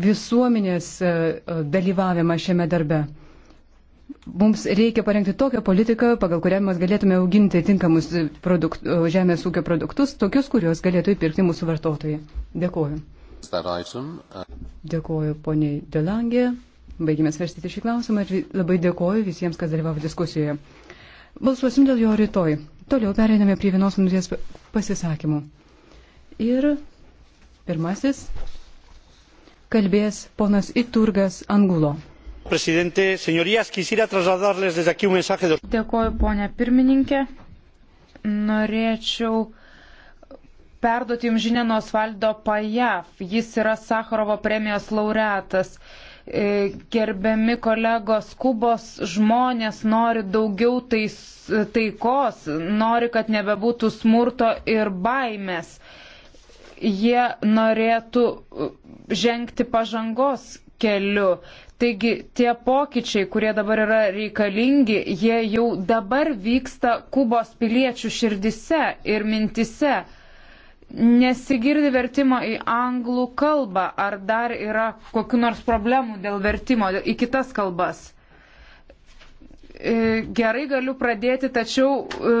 visuomenės e, e, dalyvavimą šiame darbe. Mums reikia parengti tokią politiką, pagal kurią mes galėtume auginti tinkamus produkt, e, žemės ūkio produktus, tokius, kuriuos galėtų įpirkti mūsų vartotojai. Dėkuoju. Uh, dėkuoju poniai Delangė. Baigime svarstyti šį klausimą ir labai dėkuoju visiems, kas dalyvavo diskusijoje. Balsuosim dėl jo rytoj. Toliau pereiname prie vienos minutės pasisakymų. Ir pirmasis kalbės ponas Iturgas Angulo. Dėkoju, ponė pirmininkė. Norėčiau perduoti jums žinę nuo Osvaldo Pajav. Jis yra Sakarovo premijos laureatas. E, gerbiami kolegos, Kubos žmonės nori daugiau tais, taikos, nori, kad nebebūtų smurto ir baimės jie norėtų uh, žengti pažangos keliu. Taigi tie pokyčiai, kurie dabar yra reikalingi, jie jau dabar vyksta Kubos piliečių širdise ir mintise. Nesigirdi vertimo į anglų kalbą, ar dar yra kokiu nors problemų dėl vertimo į kitas kalbas. E, gerai galiu pradėti, tačiau e,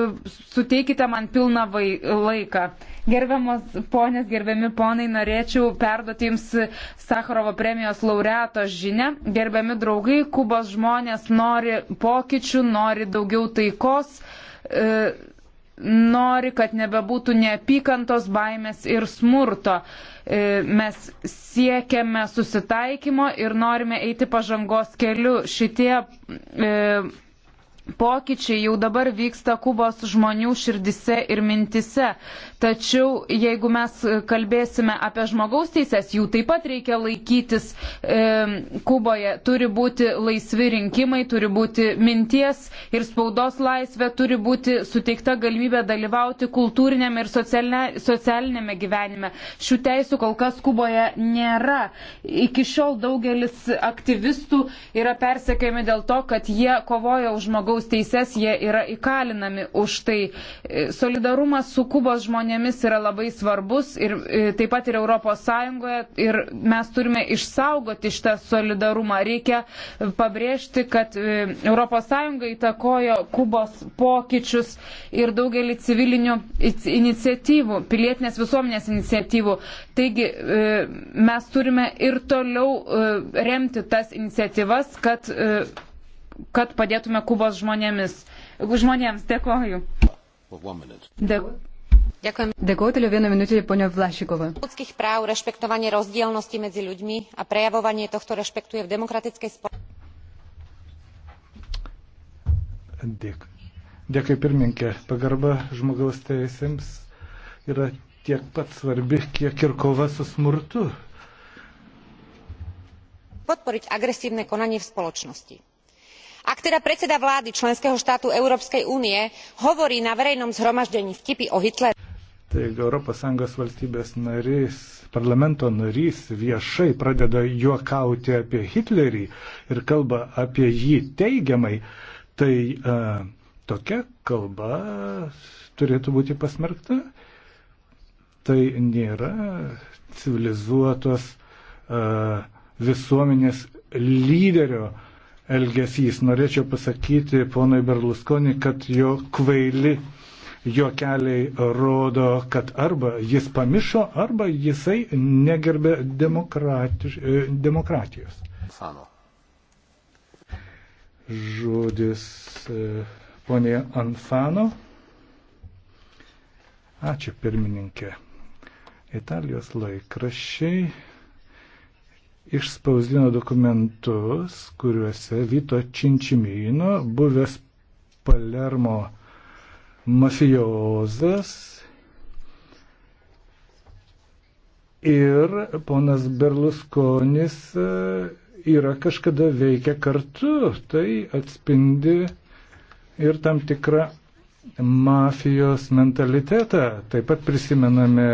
suteikite man pilną laiką. Gerbiamos ponės, gerbiami ponai, norėčiau perduoti Jums Sakharovo premijos laureato žinę. Gerbiami draugai, Kubos žmonės nori pokyčių, nori daugiau taikos. E, nori, kad nebebūtų neapykantos, baimės ir smurto. E, mes siekiame susitaikymo ir norime eiti pažangos keliu. Šitie e, pokyčiai jau dabar vyksta Kubos žmonių širdise ir mintise. Tačiau jeigu mes kalbėsime apie žmogaus teises, jų taip pat reikia laikytis e, Kuboje. Turi būti laisvi rinkimai, turi būti minties ir spaudos laisvė, turi būti suteikta galimybė dalyvauti kultūrinėme ir socialinė, socialinėme gyvenime. Šių teisų kol kas Kuboje nėra. Iki šiol daugelis aktyvistų yra persekiojami dėl to, kad jie kovoja už žmogaus žmogaus teises, jie yra įkalinami už tai. E, solidarumas su Kubos žmonėmis yra labai svarbus ir e, taip pat ir ES ir mes turime išsaugoti šitą solidarumą. Reikia pabrėžti, kad ES įtakojo Kubos pokyčius ir daugelį civilinių iniciatyvų, pilietinės visuomenės iniciatyvų. Taigi e, mes turime ir toliau remti tas iniciatyvas, kad kad padėtume Kubos žmonėmis. žmonėms. Dėkoju. Dėkoju. Ďakujem. Ďakujem tyle vienú minúte, poňa Vlašikova. ľudských práv, rešpektovanie rozdielnosti medzi ľuďmi a prejavovanie tohto rešpektuje v demokratickej spoločnosti. Dėk. Dėkui pirmininkė. Pagarba žmogaus teisėms yra tiek pat svarbi, kiek ir kova su smurtu. Podporiť agresívne konanie v spoločnosti ak teda predseda vlády členského štátu európskej únie hovorí na verejnom zhromaždení vtipy o hitleriu Taigi ES valstybės narys, parlamento narys viešai pradeda juokauti apie Hitlerį ir kalba apie jį teigiamai, tai e, tokia kalba turėtų būti pasmerkta. Tai nėra civilizuotos e, visuomenės lyderio e, elgesys. Norėčiau pasakyti ponui Berlusconi, kad jo kvaili juokeliai rodo, kad arba jis pamišo, arba jisai negerbė demokrati... E, demokratijos. Sano. Žodis e, ponė Anfano. Ačiū pirmininkė. Italijos laikrašiai išspausdino dokumentus, kuriuose Vito Činčimino, buvęs Palermo mafijozas ir ponas Berluskonis e, yra kažkada veikę kartu. Tai atspindi ir tam tikrą mafijos mentalitetą. Taip pat prisimename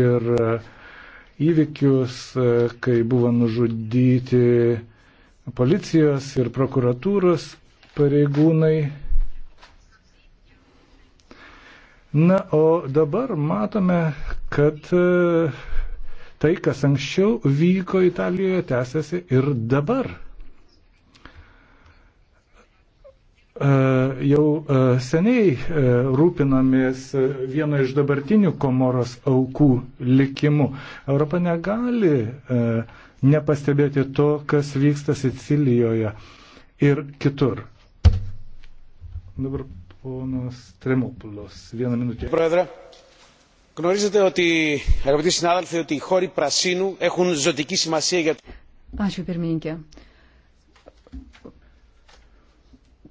ir uh, įvykius, kai buvo nužudyti policijos ir prokuratūros pareigūnai. Na, o dabar matome, kad e, tai, kas anksčiau vyko Italijoje, tęsiasi ir dabar. E, jau e, seniai e, rūpinamės vieno iš dabartinių komoros aukų likimu. Europa negali nepastebėti to, kas vyksta Sicilijoje ir kitur. Dabar ponas Tremopulos, vieną minutę. Pradra. Γνωρίζετε ότι, αγαπητοί συνάδελφοι, ότι οι χώροι πρασίνου έχουν ζωτική σημασία για... Ačiū, pirmininkė.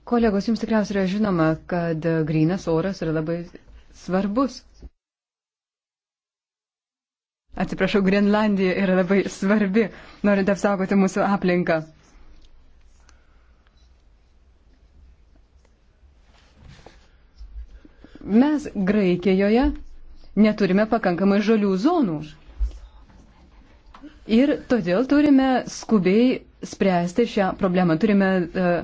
Kolegos, jums tikriausiai yra žinoma, kad grinas oras yra labai svarbus. Atsiprašau, Grenlandija yra labai svarbi, norint apsaugoti mūsų aplinką. Mes Graikijoje neturime pakankamai žalių zonų. Ir todėl turime skubiai spręsti šią problemą. Turime uh,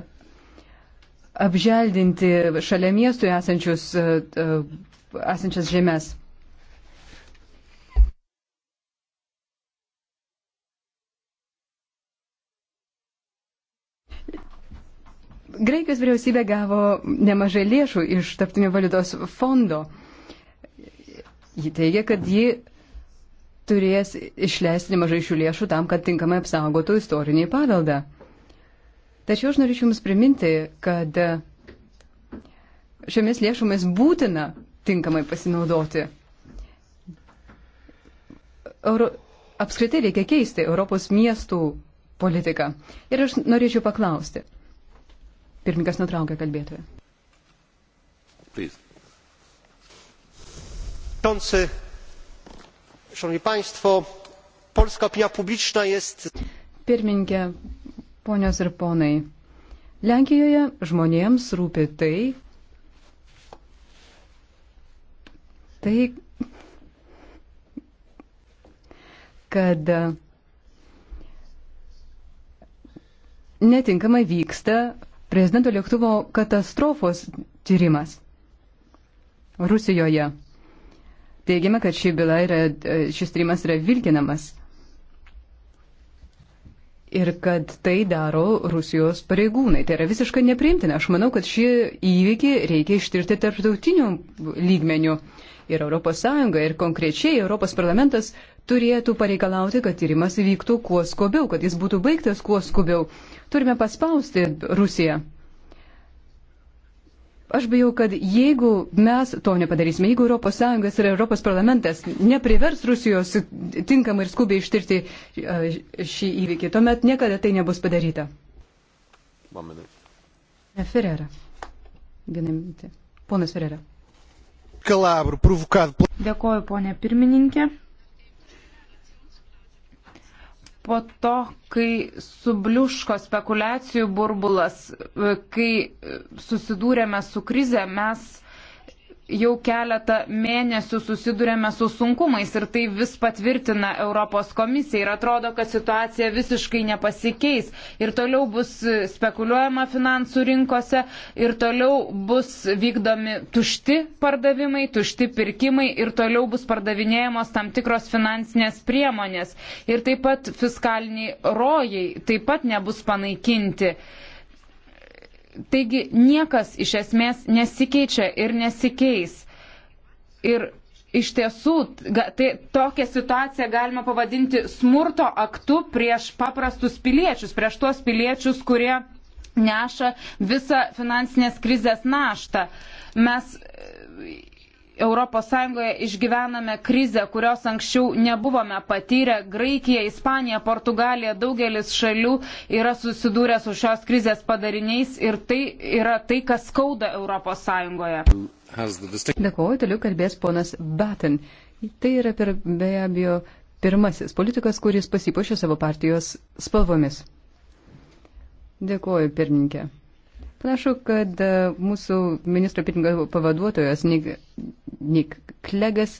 apželdinti šalia miestų esančius, e, e, esančias žemės. Graikijos vyriausybė gavo nemažai lėšų iš taptinio valiutos fondo. Ji teigia, kad ji turės išleisti nemažai šių lėšų tam, kad tinkamai apsaugotų istorinį paveldą. Tačiau aš norėčiau Jums priminti, kad šiomis lėšomis būtina tinkamai pasinaudoti. Euro, apskritai reikia keisti Europos miestų politiką. Ir aš norėčiau paklausti. Pirmininkas nutraukė kalbėtoją. Pirmininkė, Ponios ir ponai, Lenkijoje žmonėms rūpi tai, tai, kad netinkamai vyksta prezidento lėktuvo katastrofos tyrimas Rusijoje. Teigiame, kad ši byla yra, šis tyrimas yra vilkinamas ir kad tai daro Rusijos pareigūnai. Tai yra visiškai nepriimtina. Aš manau, kad šį įvykį reikia ištirti tarptautiniu lygmeniu. Ir ES, ir konkrečiai Europos parlamentas turėtų pareikalauti, kad tyrimas vyktų kuo skubiau, kad jis būtų baigtas kuo skubiau. Turime paspausti Rusiją. Aš bijau, kad jeigu mes to nepadarysime, jeigu ES ir ES parlamentas neprivers Rusijos tinkamai ir skubiai ištirti e, šį įvykį, tuomet niekada tai nebus padaryta. Ferrera. Vieną minutę. Ponas Ferrera. Dėkoju, ponė pirmininkė po to, kai subliuško spekulacijų burbulas, e, kai e, susidūrėme su krize, mes jau keletą mėnesių susidurėme su sunkumais ir tai vis patvirtina Europos komisija ir atrodo, kad situacija visiškai nepasikeis ir toliau bus spekuliuojama finansų rinkose ir toliau bus vykdomi tušti pardavimai, tušti pirkimai ir toliau bus pardavinėjamos tam tikros finansinės priemonės ir taip pat fiskaliniai rojai taip pat nebus panaikinti. Taigi niekas iš esmės nesikeičia ir nesikeis. Ir iš tiesų, tai tokią situaciją galima pavadinti smurto aktu prieš paprastus piliečius, prieš tuos piliečius, kurie neša visą finansinės krizės naštą. Mes ES išgyvename krizę, kurios anksčiau nebuvome patyrę. Graikija, Ispanija, Portugalija, daugelis šalių yra susidūrę su šios krizės padariniais ir tai yra tai, kas skauda ES. Dėkuoju, toliau kalbės ponas Batten. Tai yra per, be abejo pirmasis politikas, kuris pasipošė savo partijos spalvomis. Dėkuoju, pirmininkė. Panašu, kad e, mūsų ministro pirmingo pavaduotojas Nik, Nik Klegas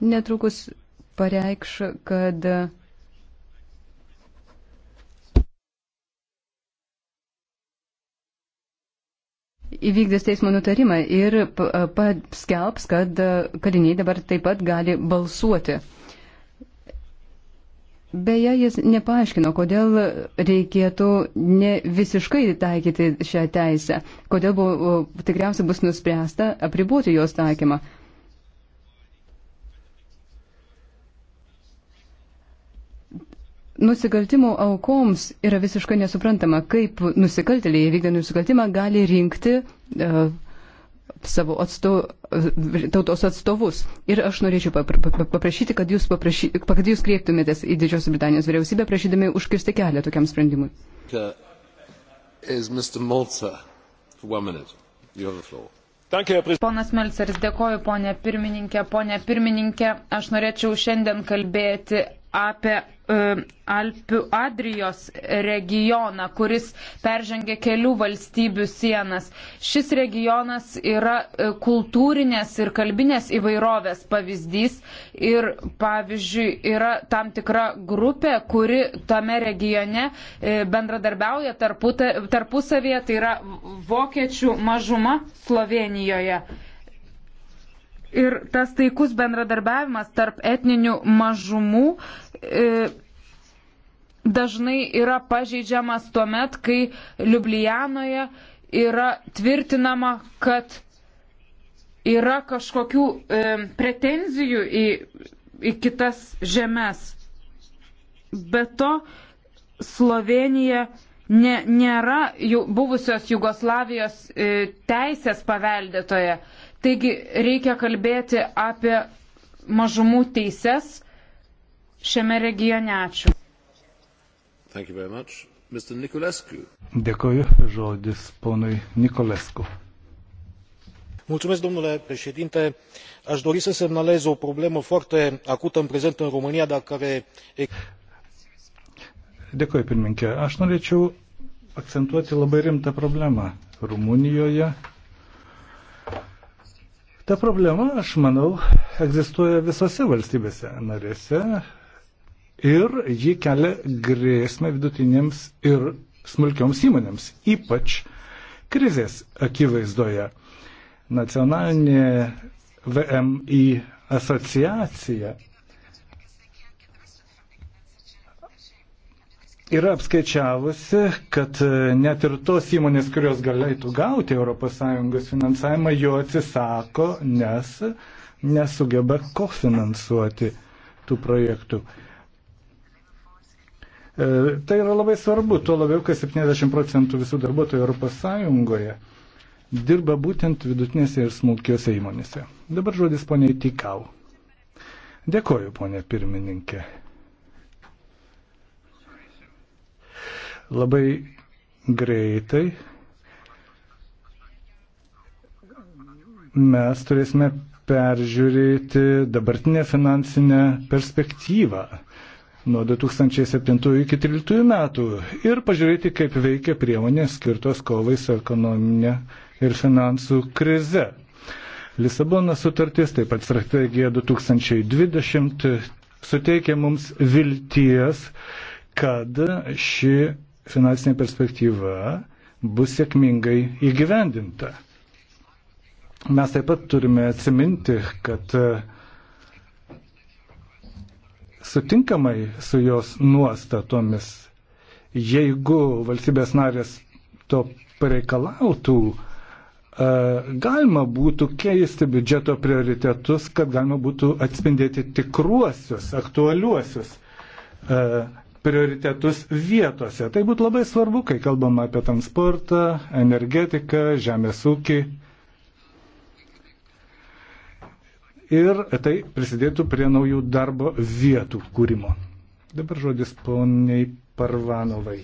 netrukus pareikš, kad e, įvykdys teismo nutarimą ir e, paskelbs, kad kaliniai dabar taip pat gali balsuoti. Beje, jis nepaaiškino, kodėl reikėtų ne visiškai taikyti šią teisę, kodėl buvo, tikriausiai bus nuspręsta apriboti jos taikymą. Nusikaltimų aukoms yra visiškai nesuprantama, kaip nusikaltėliai vykdami nusikaltimą gali rinkti uh, savo atsto, tautos atstovus. Ir aš norėčiau paprašyti, kad jūs, paprašy, kad jūs kreiptumėtės į Didžiosios Britanijos vyriausybę, prašydami užkirsti kelią tokiam sprendimui. Ponas Melceris, dėkoju, ponė pirmininkė. Ponė pirmininkė, aš norėčiau šiandien kalbėti apie e, Alpių Adrijos regioną, kuris peržengia kelių valstybių sienas. Šis regionas yra e, kultūrinės ir kalbinės įvairovės pavyzdys ir, pavyzdžiui, yra tam tikra grupė, kuri tame regione e, bendradarbiauja tarpusavėje, tai yra vokiečių mažuma Slovenijoje. Ir tas taikus bendradarbiavimas tarp etninių mažumų e, dažnai yra pažeidžiamas tuo met, kai Ljubljanoje yra tvirtinama, kad yra kažkokių e, pretenzijų į, į kitas žemės. Be to, Slovenija ne, nėra buvusios Jugoslavijos e, teisės paveldėtoje. Taigi reikia kalbėti apie mažumų teises šiame regione. Ačiū. Dėkoju. Žodis ponui Nikolescu. Mulțumesc, domnule președinte. Aș dori să semnalez o problemă foarte acută în prezent în România, dar care... E- Dėkoju, pirmininkė. Aš norėčiau akcentuoti labai rimtą problemą Rumunijoje, Ta problema, aš manau, egzistuoja visose valstybėse narėse ir ji kelia grėsmę vidutinėms ir smulkioms įmonėms, ypač krizės akivaizdoje. Nacionalinė VMI asociacija yra apskaičiavusi, kad e, net ir tos įmonės, kurios galėtų gauti ES finansavimą, jo atsisako, nes nesugeba kofinansuoti tų projektų. E, tai yra labai svarbu, tuo labiau, kad 70 procentų visų darbuotojų ES dirba būtent vidutinėse ir smulkiose įmonėse. Dabar žodis poniai Tikau. Dėkoju, ponė pirmininkė. labai greitai mes turėsime peržiūrėti dabartinę finansinę perspektyvą nuo 2007 iki 2013 metų ir pažiūrėti, kaip veikia priemonės skirtos kovai su ekonominė ir finansų krize. Lisabono sutartis, taip pat strategija 2020 suteikia mums vilties, kad ši finansinė perspektyva bus sėkmingai įgyvendinta. Mes taip pat turime atsiminti, kad e, sutinkamai su jos nuostatomis, jeigu valstybės narės to pareikalautų, e, galima būtų keisti biudžeto prioritetus, kad galima būtų atspindėti tikruosius, aktualiuosius uh, prioritetus vietose. Tai būtų labai svarbu, kai kalbam apie transportą, energetiką, žemės ūkį. Ir tai prisidėtų prie naujų darbo vietų kūrimo. Dabar žodis poniai Parvanovai.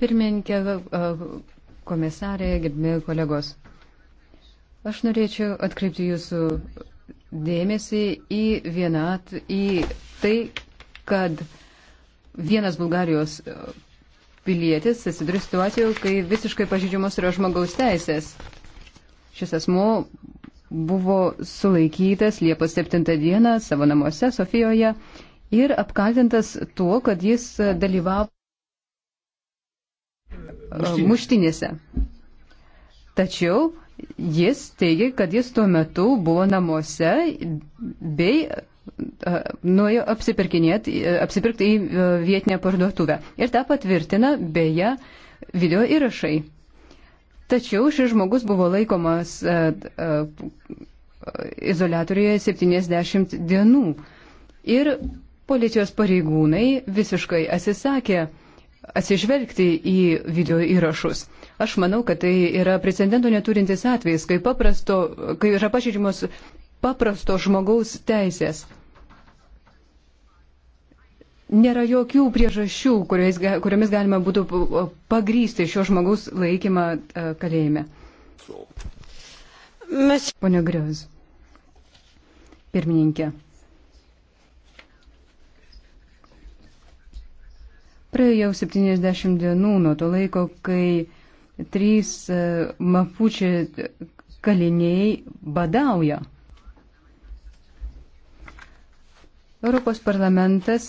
Pirmininkė, komisarė, gerbimi kolegos. Aš norėčiau atkreipti jūsų dėmesį į vienat, į tai, kad vienas Bulgarijos e, pilietis atsiduria situacijoje, kai visiškai pažydžiamos yra žmogaus teisės. Šis asmo buvo sulaikytas Liepos 7 dieną savo namuose Sofijoje ir apkaltintas tuo, kad jis dalyvavo e, muštinėse. Tačiau jis teigia, kad jis tuo metu buvo namuose bei nuėjo apsipirkti į vietinę parduotuvę. Ir tą patvirtina beje video įrašai. Tačiau šis žmogus buvo laikomas izolatoriuje 70 dienų. Ir policijos pareigūnai visiškai atsisakė atsižvelgti į video įrašus. Aš manau, kad tai yra precedento neturintis atvejis, kai, paprasto, kai yra pažydžiamos paprasto žmogaus teisės. Nėra jokių priežasčių, kuriais, kuriomis galima būtų pagrysti šio žmogaus laikymą e, kalėjime. Pone Griuz, pirmininkė. Praėjo jau 70 dienų nuo to laiko, kai trys e, mapučiai kaliniai badauja. Europos parlamentas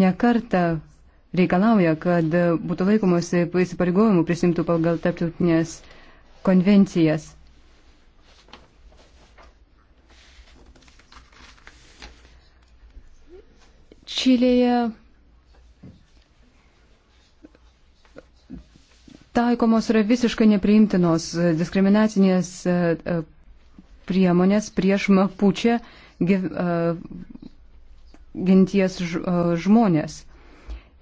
nekarta reikalauja, kad būtų laikomasi įsipareigojimų prisimtų pagal tarptautinės konvencijas. Čilėje taikomos yra visiškai nepriimtinos diskriminacinės e, e, priemonės prieš mapučią genties žmonės.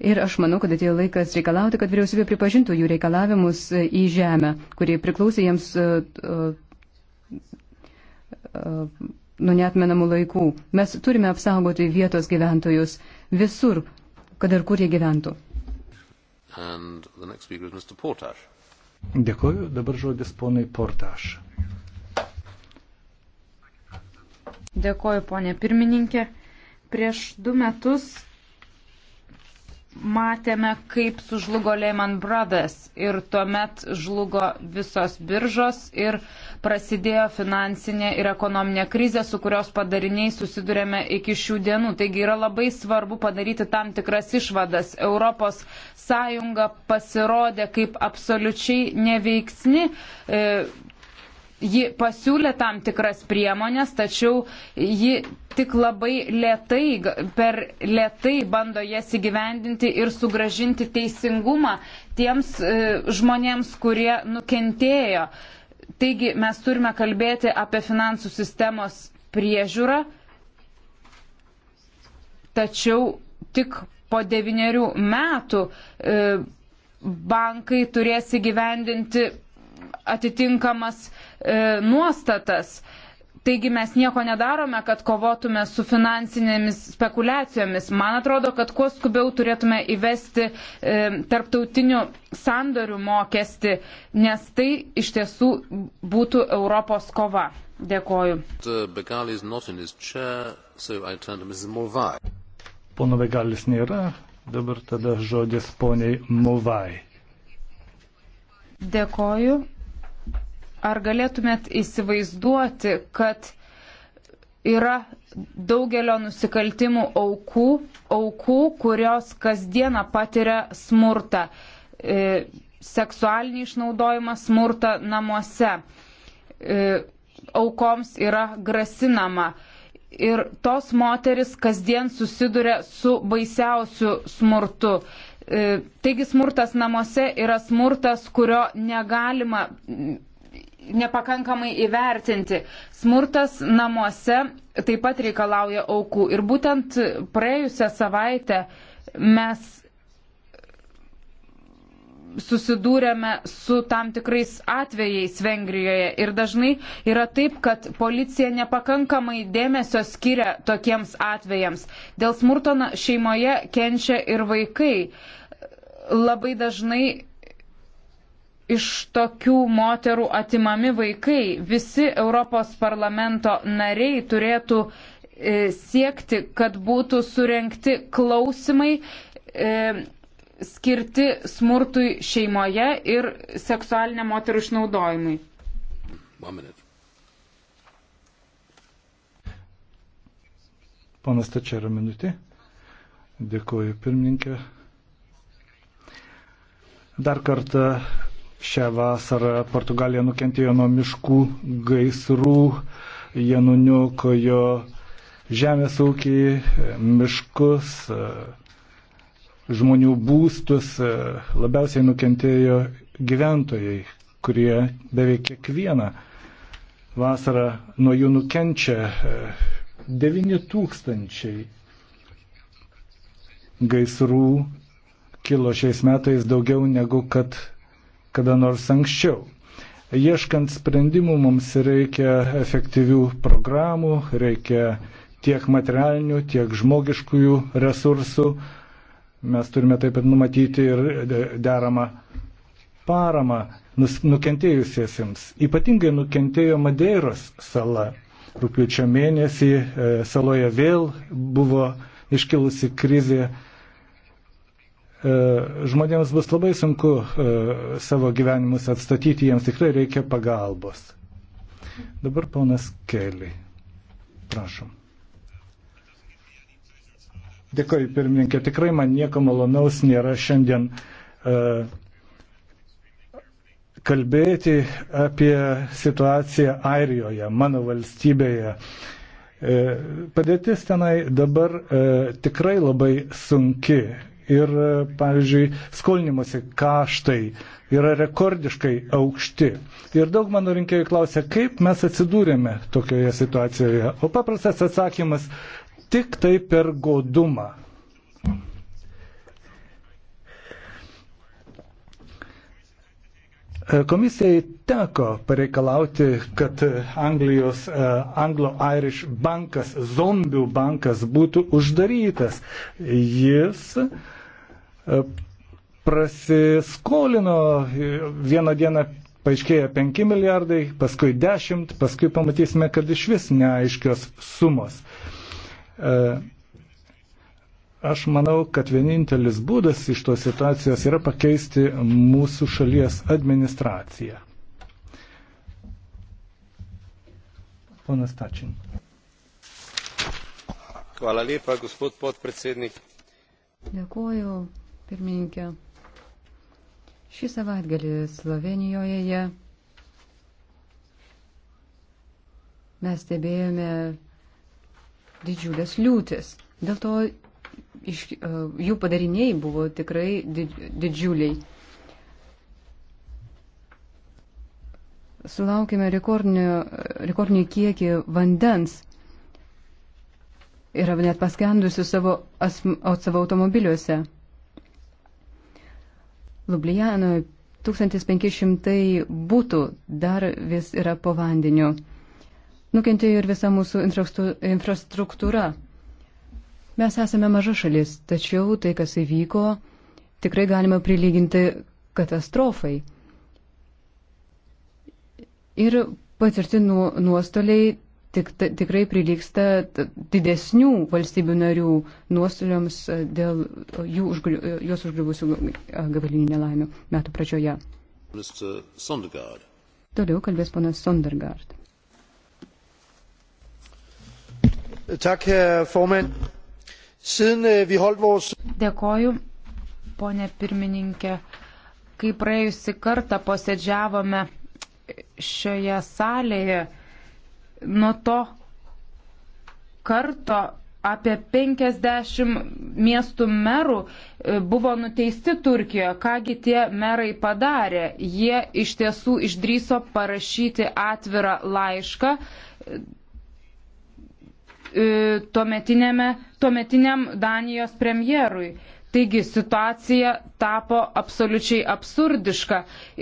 Ir aš manau, kad atėjo laikas reikalauti, kad vyriausybė pripažintų jų reikalavimus į žemę, kurie priklausė jiems nuo netmenamų laikų. Mes turime apsaugoti vietos gyventojus visur, kad ir kur jie gyventų. Dėkuoju, dabar žodis ponai Portaš. Dėkoju, ponė pirmininkė. Prieš du metus matėme, kaip sužlugo Lehman Brothers ir tuomet žlugo visos biržos ir prasidėjo finansinė ir ekonominė krizė, su kurios padariniai susidurėme iki šių dienų. Taigi yra labai svarbu padaryti tam tikras išvadas. Europos Sąjunga pasirodė kaip absoliučiai neveiksni. E, ji pasiūlė tam tikras priemonės, tačiau ji tik labai lietai, per lietai bando jas įgyvendinti ir sugražinti teisingumą tiems e, žmonėms, kurie nukentėjo. Taigi mes turime kalbėti apie finansų sistemos priežiūrą, tačiau tik po devyniarių metų e, bankai turės įgyvendinti atitinkamas E, nuostatas. Taigi mes nieko nedarome, kad kovotume su finansinėmis spekulacijomis. Man atrodo, kad kuo skubiau turėtume įvesti e, tarptautinių sandorių mokestį, nes tai iš tiesų būtų Europos kova. Dėkoju. Pono Begalis nėra, dabar tada žodis poniai Movai. Dėkoju. Ar galėtumėt įsivaizduoti, kad yra daugelio nusikaltimų aukų, aukų, kurios kasdieną patiria smurtą, e, seksualinį išnaudojimą, smurtą namuose. E, aukoms yra grasinama. Ir tos moteris kasdien susiduria su baisiausiu smurtu. E, taigi smurtas namuose yra smurtas, kurio negalima nepakankamai įvertinti. Smurtas namuose taip pat reikalauja aukų. Ir būtent praėjusią savaitę mes susidūrėme su tam tikrais atvejais Vengrijoje ir dažnai yra taip, kad policija nepakankamai dėmesio skiria tokiems atvejams. Dėl smurto šeimoje kenčia ir vaikai. Labai dažnai iš tokių moterų atimami vaikai. Visi Europos parlamento nariai turėtų e, siekti, kad būtų surenkti klausimai e, skirti smurtui šeimoje ir seksualiniam moterų išnaudojimui. Panas Tačiara minutė. Dėkuoju pirmininkė. Dar kartą Šią vasarą Portugalija nukentėjo nuo miškų gaisrų, jie nuniukojo žemės ūkį, miškus, žmonių būstus. Labiausiai nukentėjo gyventojai, kurie beveik kiekvieną vasarą nuo jų nukenčia 9 tūkstančiai gaisrų kilo šiais metais daugiau negu kad kada nors anksčiau. Ieškant sprendimų mums reikia efektyvių programų, reikia tiek materialinių, tiek žmogiškųjų resursų. Mes turime taip pat numatyti ir deramą paramą nukentėjusiesiems. Ypatingai nukentėjo Madeiros sala. Rūpiučio mėnesį e, saloje vėl buvo iškilusi krizė E, žmonėms bus labai sunku e, savo gyvenimus atstatyti, jiems tikrai reikia pagalbos. Dabar ponas Keli. Prašom. Dėkoju, pirmininkė. Tikrai man nieko malonaus nėra šiandien e, kalbėti apie situaciją Airijoje, mano valstybėje. Padėtis tenai dabar tikrai labai sunki ir, e, pavyzdžiui, skolinimuose kaštai yra rekordiškai aukšti. Ir daug mano rinkėjų klausia, kaip mes atsidūrėme tokioje situacijoje. O paprastas atsakymas - tik tai per godumą. E, komisijai teko pareikalauti, kad Anglijos e, Anglo-Irish bankas, zombių bankas būtų uždarytas. Jis uh, E, prasiskolino e, vieną dieną paaiškėjo 5 milijardai, paskui 10, paskui pamatysime, kad iš vis neaiškios sumos. E, aš manau, kad vienintelis būdas iš tos situacijos yra pakeisti mūsų šalies administraciją. Ponas Tačin. Hvala lepa, gospod podpredsednik. Dėkuoju, pirmininkė. Šį savaitgalį Slovenijoje mes stebėjome didžiulės liūtis. Dėl to iš, jų padariniai buvo tikrai didžiuliai. Sulaukime rekordinį kiekį vandens. Yra net paskendusių savo, asm, savo automobiliuose. Lublijanoje 1500 būtų dar vis yra po vandeniu. Nukentėjo ir visa mūsų infrastruktūra. Mes esame maža šalis, tačiau tai, kas įvyko, tikrai galima prilyginti katastrofai. Ir patirti nuostoliai tik, tikrai priliksta didesnių valstybių narių nuostoliams e, dėl e, jų užgriu, e, jos užgriuvusių gabalinių nelaimių metų pradžioje. Toliau kalbės ponas Sondergaard. Tak, formand. Siden øh, vi holdt vores... Dėkoju, ponė pirmininkė. Kai praėjusi kartą posėdžiavome šioje salėje, nuo to karto apie 50 miestų merų e, buvo nuteisti Turkijoje. Kągi tie merai padarė? Jie iš tiesų išdryso parašyti atvirą laišką e, tuometiniam Danijos premjerui. Taigi situacija tapo absoliučiai absurdiška.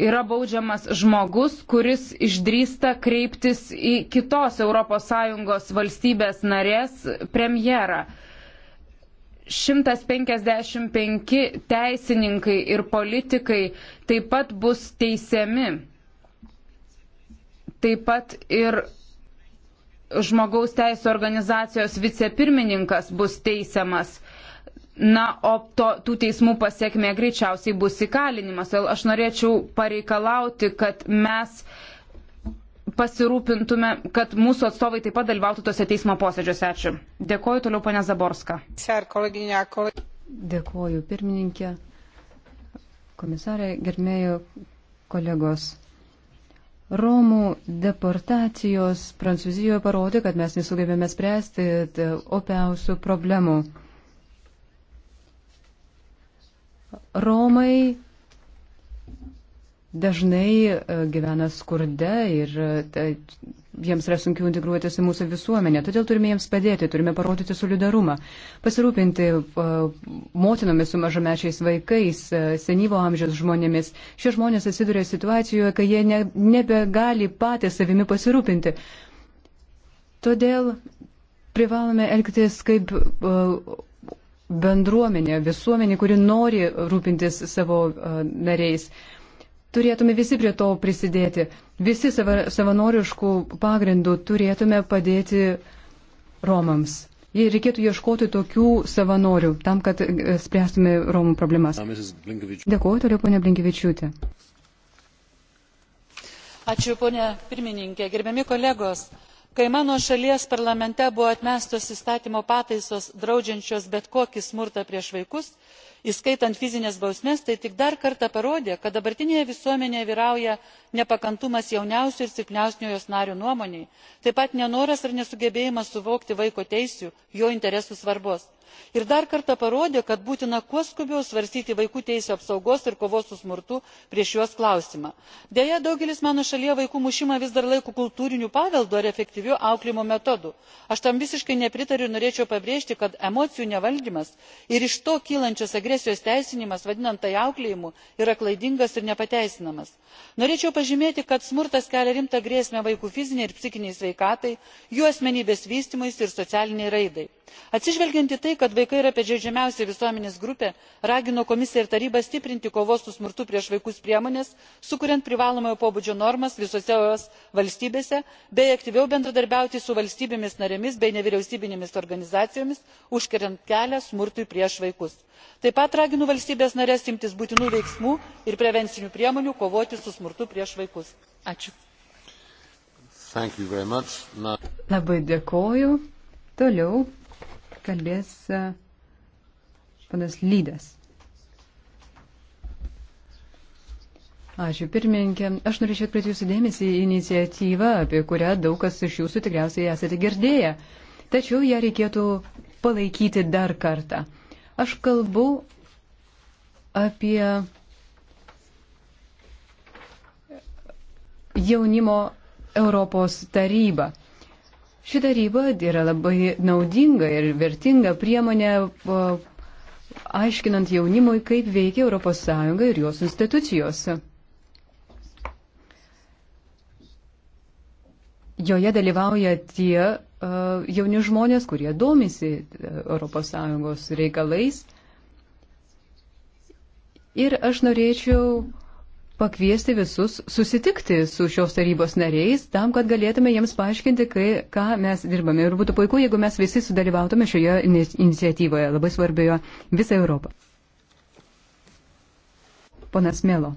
Yra baudžiamas žmogus, kuris išdrįsta kreiptis į kitos ES valstybės narės premjerą. 155 teisininkai ir politikai taip pat bus teisiami. Taip pat ir žmogaus teisų organizacijos vicepirmininkas bus teisiamas Na, o to, tų teismų pasiekmė greičiausiai bus įkalinimas. Aš norėčiau pareikalauti, kad mes pasirūpintume, kad mūsų atstovai taip pat dalyvautų tose teismo posėdžiuose. Ačiū. Dėkoju toliau, ponė Zaborska. Dėkoju, pirmininkė, komisarė, gerbėjų kolegos. Romų deportacijos Prancūzijoje parodė, kad mes nesugebėme spręsti opiausių problemų. Romai dažnai e, gyvena skurde ir e, tai jiems yra sunkiau integruotis į mūsų visuomenę. Todėl turime jiems padėti, turime parodyti solidarumą, pasirūpinti e, motinomis su mažamečiais vaikais, senyvo amžiaus žmonėmis. Šie žmonės atsiduria situacijoje, kai jie ne, nebegali patys savimi pasirūpinti. Todėl privalome elgtis kaip bendruomenė, visuomenė, kuri nori rūpintis savo nariais. Turėtume visi prie to prisidėti. Visi savanoriškų pagrindų turėtume padėti Romams. Jei reikėtų ieškoti tokių savanorių tam, kad e, spręstume Romų problemas. Dėkuoju toliau, ponia Blinkevičiūtė. Ačiū, ponia pirmininkė. Gerbiami kolegos, kai mano šalies parlamente buvo atmestos įstatymo pataisos draudžiančios bet kokį smurtą prieš vaikus įskaitant fizines bausmes tai tik dar kartą parodė kad dabartinėje visuomenėje vyrauja nepakantumas jauniausio ir silpniausio jos nario nuomonei taip pat nenoras ar nesugebėjimas suvokti vaiko teisių jo interesų svarbos ir dar kartą parodė kad būtina kuo skubiau svarstyti vaikų teisių apsaugos ir kovos su smurtu prieš juos klausimą. deja daugelis mano šalyje vaikų mušimą vis dar laiko kultūriniu paveldu ar efektyviu auklėjimo metodu. aš tam visiškai nepritariu ir norėčiau pabrėžti kad emocijų nevaldymas ir iš to kylančios agresijos teisinimas vadinant tai auklėjimu yra klaidingas ir nepateisinamas. norėčiau pažymėti kad smurtas kelia rimtą grėsmę vaikų fizinei ir psichinei sveikatai jų asmenybės vystymuisi ir socialinei raidai. atsižvelgiant į tai kad kad vaikai yra pažeidžiamiausia visuomenės grupė ragino komisiją ir tarybą stiprinti kovos su smurtu prieš vaikus priemones sukuriant privalomojo pobūdžio normas visose es valstybėse bei aktyviau bendradarbiauti su valstybėmis narėmis bei nevyriausybinėmis organizacijomis užkertant kelią smurtui prieš vaikus. taip pat raginu valstybes nares imtis būtinų veiksmų ir prevencinių priemonių kovoti su smurtu prieš vaikus. Labai dėkoju. Toliau kalbės e, panas Lydas. Ačiū pirmininkė. Aš norėčiau atkreipti jūsų dėmesį į iniciatyvą, apie kurią daug kas iš jūsų tikriausiai esate girdėję. Tačiau ją reikėtų palaikyti dar kartą. Aš kalbu apie jaunimo Europos tarybą. Ši taryba yra labai naudinga ir vertinga priemonė aiškinant jaunimui, kaip veikia ES ir jos institucijos. Joje dalyvauja tie uh, jauni žmonės, kurie domisi ES reikalais. Ir aš norėčiau pakviesti visus susitikti su šios tarybos nariais, tam, kad galėtume jiems paaiškinti, kai, ką mes dirbame. Ir būtų puiku, jeigu mes visi sudalyvautume šioje iniciatyvoje, labai svarbioje visą Europą. Ponas Melo.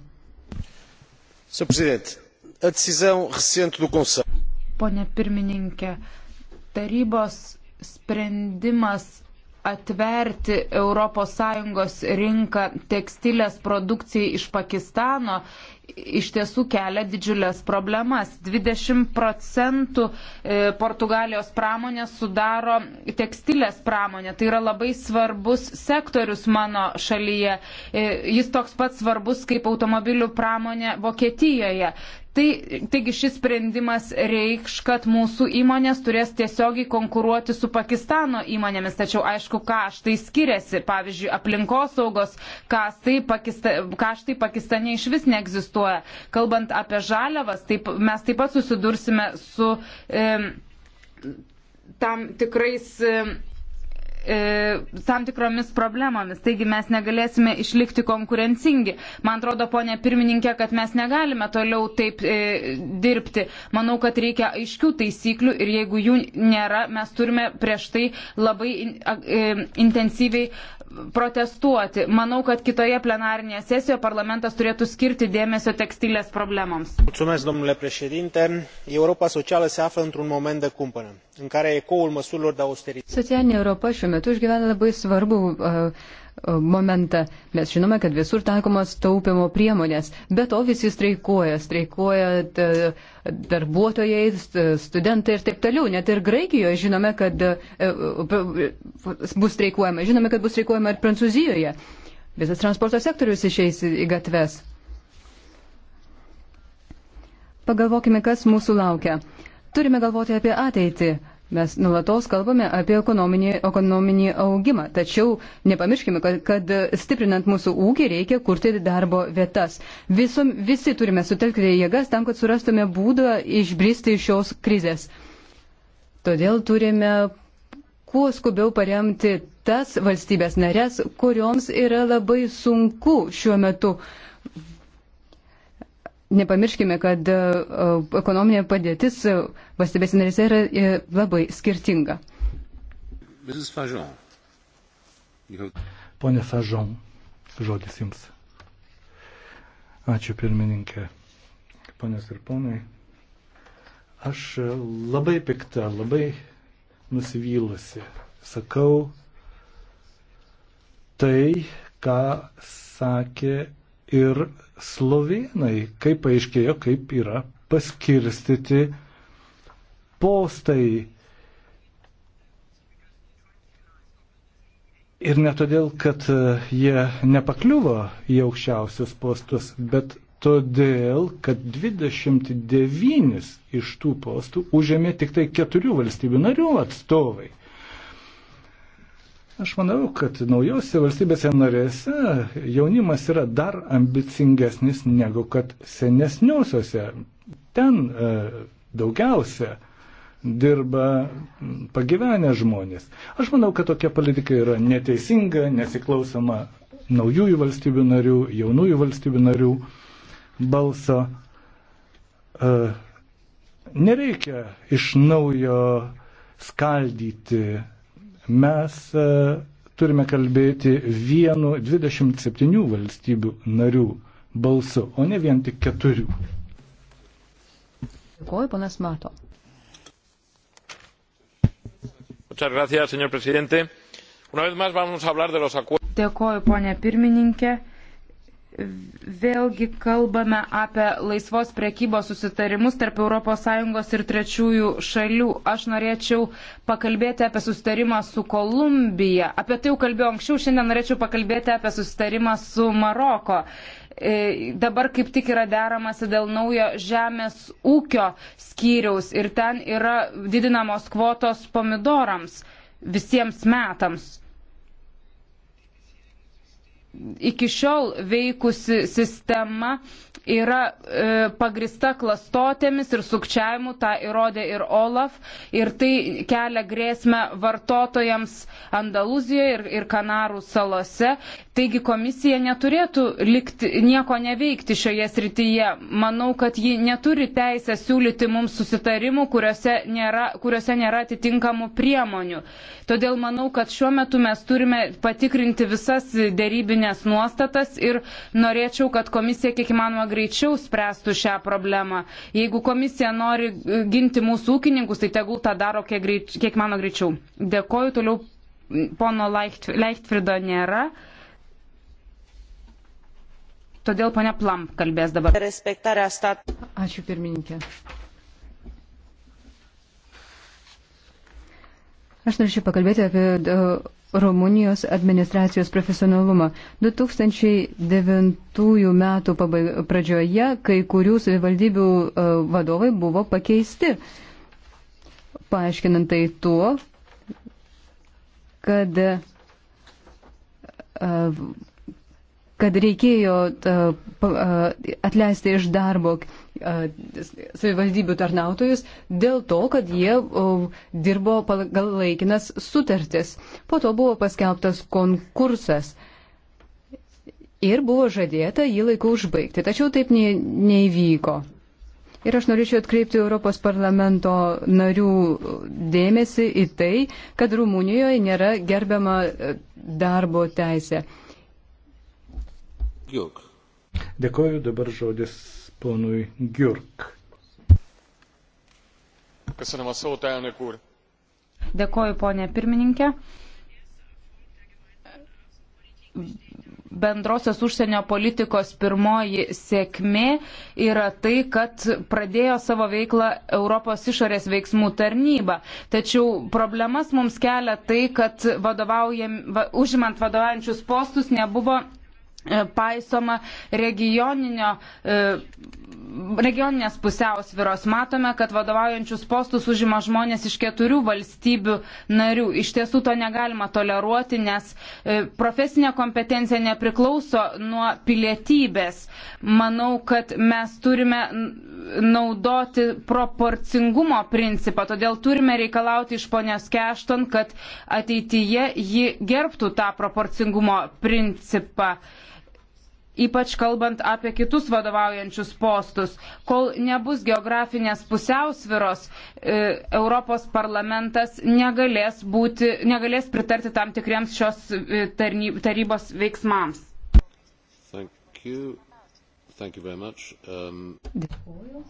Pone pirmininkė, tarybos sprendimas atverti ES rinką tekstilės produkcijai iš Pakistano iš tiesų kelia didžiulės problemas. 20 procentų e, Portugalijos pramonės sudaro tekstilės pramonė. Tai yra labai svarbus sektorius mano šalyje. E, jis toks pat svarbus kaip automobilių pramonė Vokietijoje. Tai, taigi šis sprendimas reikš, kad mūsų įmonės turės tiesiogiai konkuruoti su Pakistano įmonėmis, tačiau aišku, kaštai skiriasi. Pavyzdžiui, aplinkosaugos kaštai, Pakista, kaštai Pakistane iš vis neegzistuoja. Kalbant apie žaliavas, taip, mes taip pat susidursime su e, tam tikrais. E, E, tam tikromis problemomis, taigi mes negalėsime išlikti konkurencingi. Man atrodo, ponė pirmininkė, kad mes negalime toliau taip e, dirbti. Manau, kad reikia aiškių taisyklių ir jeigu jų nėra, mes turime prieš tai labai in, e, intensyviai protestuoti. Manau, kad kitoje plenarinėje sesijoje parlamentas turėtų skirti dėmesio tekstilės problemams. Mulțumesc, domnule președinte. Europa socială se află într-un moment de cumpănă, în care ecoul măsurilor de austeritate. Socialinė Europa šiuo metu išgyvena labai svarbu uh, momentą. Mes žinome, kad visur taikomas taupimo priemonės, bet to visi streikuoja, streikuoja e, darbuotojai, studentai ir taip toliau. Net ir Graikijoje žinome, kad e, e, bus streikuojama, žinome, kad bus streikuojama ir Prancūzijoje. Visas transporto sektorius išeis į gatves. Pagalvokime, kas mūsų laukia. Turime galvoti apie ateitį. Mes nulatos kalbame apie ekonominį, ekonominį augimą, tačiau nepamirškime, kad, kad stiprinant mūsų ūkį reikia kurti darbo vietas. Visom, visi turime sutelkti jėgas tam, kad surastume būdą išbristi iš šios krizės. Todėl turime kuo skubiau paremti tas valstybės narės, kurioms yra labai sunku šiuo metu nepamirškime, kad e, e, ekonominė padėtis e, valstybės narėse yra labai skirtinga. Pone Fažon, žodis jums. Ačiū pirmininkė. Ponios ir ponai, aš labai pikta, labai nusivylusi. Sakau tai, ką sakė ir slovėnai, kaip paaiškėjo, kaip yra paskirstyti postai. Ir ne todėl, kad jie nepakliuvo į aukščiausius postus, bet todėl, kad 29 iš tų postų užėmė tik tai keturių valstybių narių atstovai. Aš manau, kad naujose valstybėse narėse jaunimas yra dar ambicingesnis negu kad senesniuosiuose. Ten e, daugiausia dirba pagyvenę žmonės. Aš manau, kad tokia politika yra neteisinga, nesiklausoma naujųjų valstybių narių, jaunųjų valstybių narių balso. E, nereikia iš naujo skaldyti mes e, turime kalbėti vienu 27 valstybių narių balsu, o ne vien tik keturių. Dėkuoju, panas Mato. Gracias, señor presidente. Una vez más vamos a hablar de los acuerdos. Dėkuoju, ponė pirmininkė vėlgi kalbame apie laisvos prekybos susitarimus tarp ES ir trečiųjų šalių. Aš norėčiau pakalbėti apie susitarimą su Kolumbija. Apie tai jau kalbėjau anksčiau, šiandien norėčiau pakalbėti apie susitarimą su Maroko. E, dabar kaip tik yra deramasi dėl naujo žemės ūkio skyriaus ir ten yra didinamos kvotos pomidorams visiems metams iki šiol veikusi sistema yra e, pagrista klastotėmis ir sukčiavimu, tą įrodė ir Olaf, ir tai kelia grėsmę vartotojams Andaluzijoje ir, ir Kanarų salose. Taigi komisija neturėtų likti, nieko neveikti šioje srityje. Manau, kad ji neturi teisę siūlyti mums susitarimų, kuriuose nėra, kuriuose nėra atitinkamų priemonių. Todėl manau, kad šiuo metu mes turime patikrinti visas dėrybinės dabartinės nuostatas ir norėčiau, kad komisija kiek įmanoma greičiau spręstų šią problemą. Jeigu komisija nori ginti mūsų ūkininkus, tai tegul tą daro kiek, greič, kiek mano greičiau. Dėkoju, toliau pono Leichtfrido nėra. Todėl ponia Plam kalbės dabar. Ačiū pirmininkė. Aš norėčiau pakalbėti apie Rumunijos administracijos profesionalumą. 2009 metų pradžioje kai kurių savivaldybių e, vadovai buvo pakeisti, paaiškinant tai tuo, kad e, kad reikėjo e, e, atleisti iš darbo e, savivaldybių tarnautojus dėl to, kad jie dirbo pagal laikinas sutartis. Po to buvo paskelbtas konkursas ir buvo žadėta jį laiku užbaigti, tačiau taip ne, neįvyko. Ir aš norėčiau atkreipti Europos parlamento narių dėmesį į tai, kad Rumunijoje nėra gerbiama darbo teisė. Giurk. Dėkoju dabar žodis ponui Giurk. Köszönöm a szót, elnök úr. Dėkoju, ponė pirmininkė. Bendrosios užsienio politikos pirmoji sėkmė yra tai, kad pradėjo savo veiklą Europos išorės veiksmų tarnyba. Tačiau problemas mums kelia tai, kad vadovaujam, va, užimant vadovaujančius postus nebuvo E, paisoma e, regioninės pusiausviros. Matome, kad vadovaujančius postus užima žmonės iš keturių valstybių narių. Iš tiesų to negalima toleruoti, nes e, profesinė kompetencija nepriklauso nuo pilietybės. Manau, kad mes turime naudoti proporcingumo principą, todėl turime reikalauti iš ponios Kešton, kad ateityje ji gerbtų tą proporcingumo principą. Yeah ypač kalbant apie kitus vadovaujančius postus. Kol nebus geografinės pusiausviros, e, Europos parlamentas negalės, būti, negalės pritarti tam tikriems šios e, tarybos veiksmams. Thank you. Thank you very much. Um... Dėkuoju.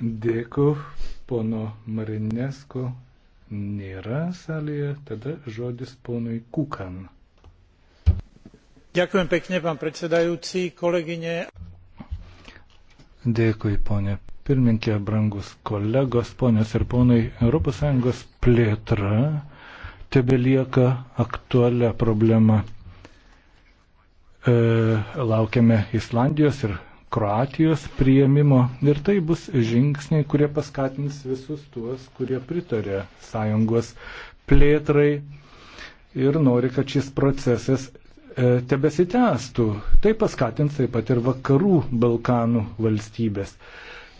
Dėkui, pono Marinesko nėra salėje, tada žodis ponui Kukan. Ďakujem pekne, pán predsedajúci, kolegyne. Dėkui, ponė pirmininkė, brangus kolegos, ponės ir ponai. ES plėtra tebelieka aktualią problemą. E, laukiame Islandijos ir Kroatijos prieimimo ir tai bus žingsniai, kurie paskatins visus tuos, kurie pritarė sąjungos plėtrai ir nori, kad šis procesas E, tebesitęstų. Tai paskatins taip pat ir vakarų Balkanų valstybės,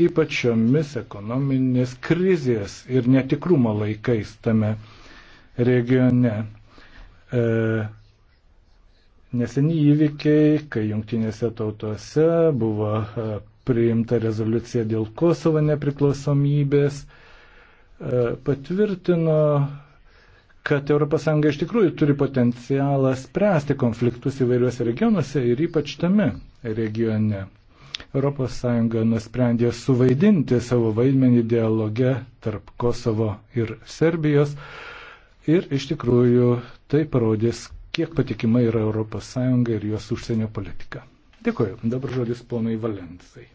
ypač šiomis ekonominės krizės ir netikrumo laikais tame regione. E, Neseniai įvykiai, kai jungtinėse tautose buvo e, priimta rezoliucija dėl Kosovo nepriklausomybės, e, patvirtino kad ES iš tikrųjų turi potencialą spręsti konfliktus įvairiuose regionuose ir ypač tame regione. ES nusprendė suvaidinti savo vaidmenį dialoge tarp Kosovo ir Serbijos ir iš tikrųjų tai parodys, kiek patikima yra ES ir jos užsienio politika. Dėkuoju. Dabar žodis ponui Valensai.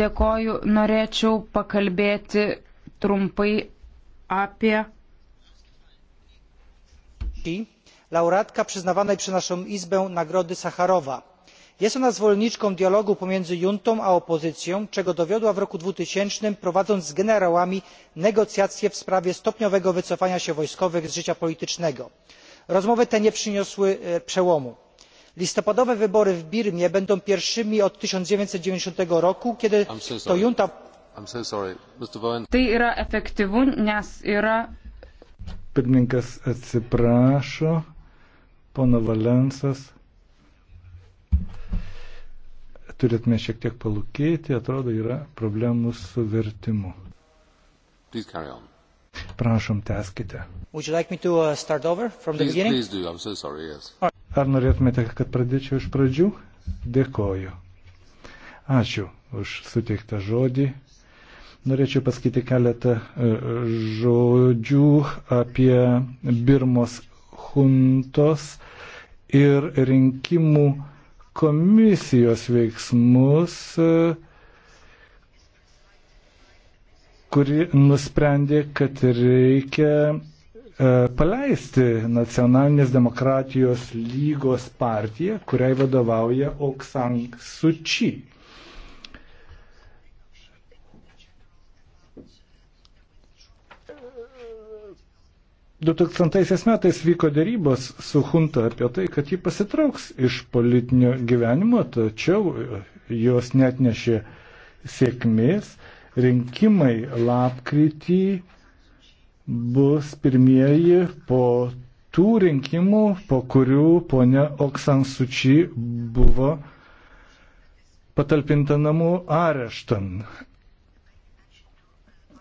Dėkoju, norėčiau pakalbėti trumpai apie. Laureatka przyznawanej przez naszą Izbę Nagrody Sacharowa. Jest ona zwolenniczką dialogu pomiędzy juntą a opozycją, czego dowiodła w roku 2000, prowadząc z generałami negocjacje w sprawie stopniowego wycofania się wojskowych z życia politycznego. Rozmowy te nie przyniosły e, przełomu listopadowe wybory w birmie będą pierwszymi od tysiąc dziewięćset dziewięćdzisiąt roku kiedy to junta tai yra efektyvu nes yra pirmininkas atsiprašo pono valensas turėtume šiek tiek palūkėti, atrodo, yra problemų su vertimu. Prašom, tęskite. Would you like me to uh, start over from please, the beginning? Please do. I'm so sorry, yes. Ar norėtumėte, kad pradėčiau iš pradžių? Dėkoju. Ačiū už suteiktą žodį. Norėčiau pasakyti keletą e, žodžių apie Birmos huntos ir rinkimų komisijos veiksmus, e, kuri nusprendė, kad reikia E, paleisti nacionalinės demokratijos lygos partiją, kuriai vadovauja Oksang Suči. Du tūkstantaisiais metais vyko dėrybos su junta apie tai, kad ji pasitrauks iš politinio gyvenimo, tačiau jos net nešė sėkmės. Rinkimai lapkritį bus pirmieji po tų rinkimų, po kurių ponia Oksan Suči buvo patalpinta namų areštan.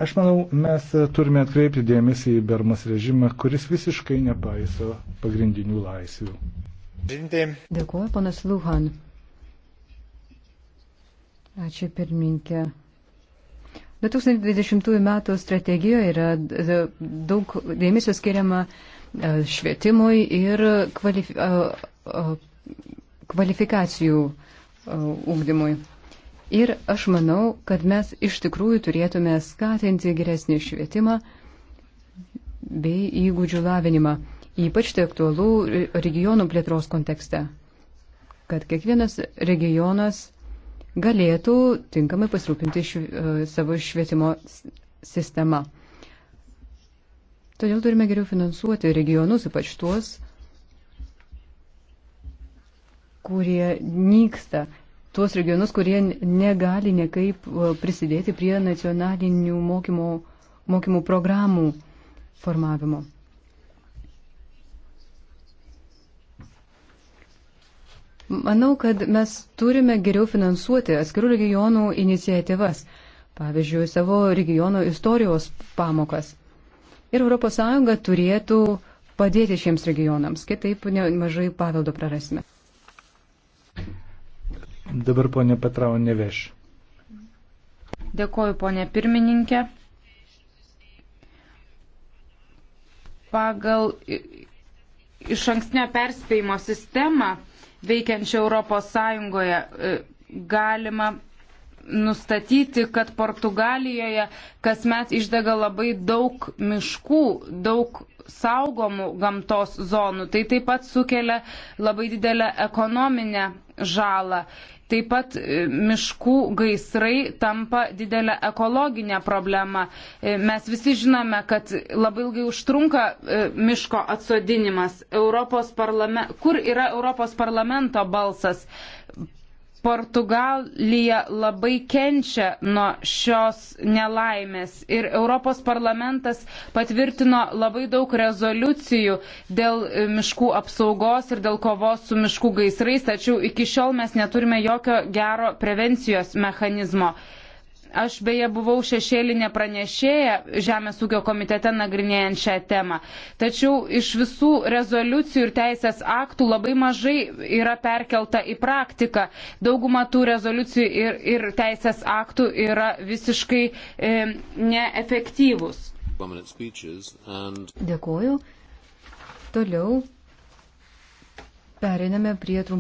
Aš manau, mes turime atkreipti dėmesį į Bermas režimą, kuris visiškai nepaiso pagrindinių laisvių. Dėkuoju, ponas Luhan. Ačiū pirminkė. Bet 2020 m. strategijoje yra daug dėmesio skiriama e, švietimui ir kvalifi kvalifikacijų ūkdymui. E, ir aš manau, kad mes iš tikrųjų turėtume skatinti geresnį švietimą bei įgūdžių lavinimą, ypač tai aktualų regionų plėtros kontekste, kad kiekvienas regionas galėtų tinkamai pasirūpinti šv, e, savo švietimo sistema. Todėl turime geriau finansuoti regionus, ypač tuos, kurie nyksta, tuos regionus, kurie negali nekaip e, prisidėti prie nacionalinių mokymo, mokymų programų formavimo. Manau, kad mes turime geriau finansuoti atskirų regionų iniciatyvas, pavyzdžiui, savo regiono istorijos pamokas. Ir ES turėtų padėti šiems regionams, kitaip mažai paveldo prarasime. Dabar ponė Petrau neveš. Dėkoju, ponė pirmininkė. Pagal iš ankstinio perspėjimo sistemą veikiančią Europos Sąjungoje e, galima nustatyti, kad Portugalijoje kasmet išdega labai daug miškų, daug saugomų gamtos zonų. Tai taip pat sukelia labai didelę ekonominę žalą. Taip pat e, miškų gaisrai tampa didelę ekologinę problemą. E, mes visi žinome, kad labai ilgai užtrunka e, miško atsodinimas. Europos parlame... Kur yra Europos parlamento balsas? Portugalija labai kenčia nuo šios nelaimės ir Europos parlamentas patvirtino labai daug rezoliucijų dėl e, miškų apsaugos ir dėl kovos su miškų gaisrais, tačiau iki šiol mes neturime jokio gero prevencijos mechanizmo. Aš beje buvau šešėlinė pranešėja Žemės ūkio komitete nagrinėjant šią temą. Tačiau iš visų rezoliucijų ir teisės aktų labai mažai yra perkelta į praktiką. Dauguma tų rezoliucijų ir, ir teisės aktų yra visiškai e, neefektyvus. Dėkuoju. Toliau periname prie trumpų.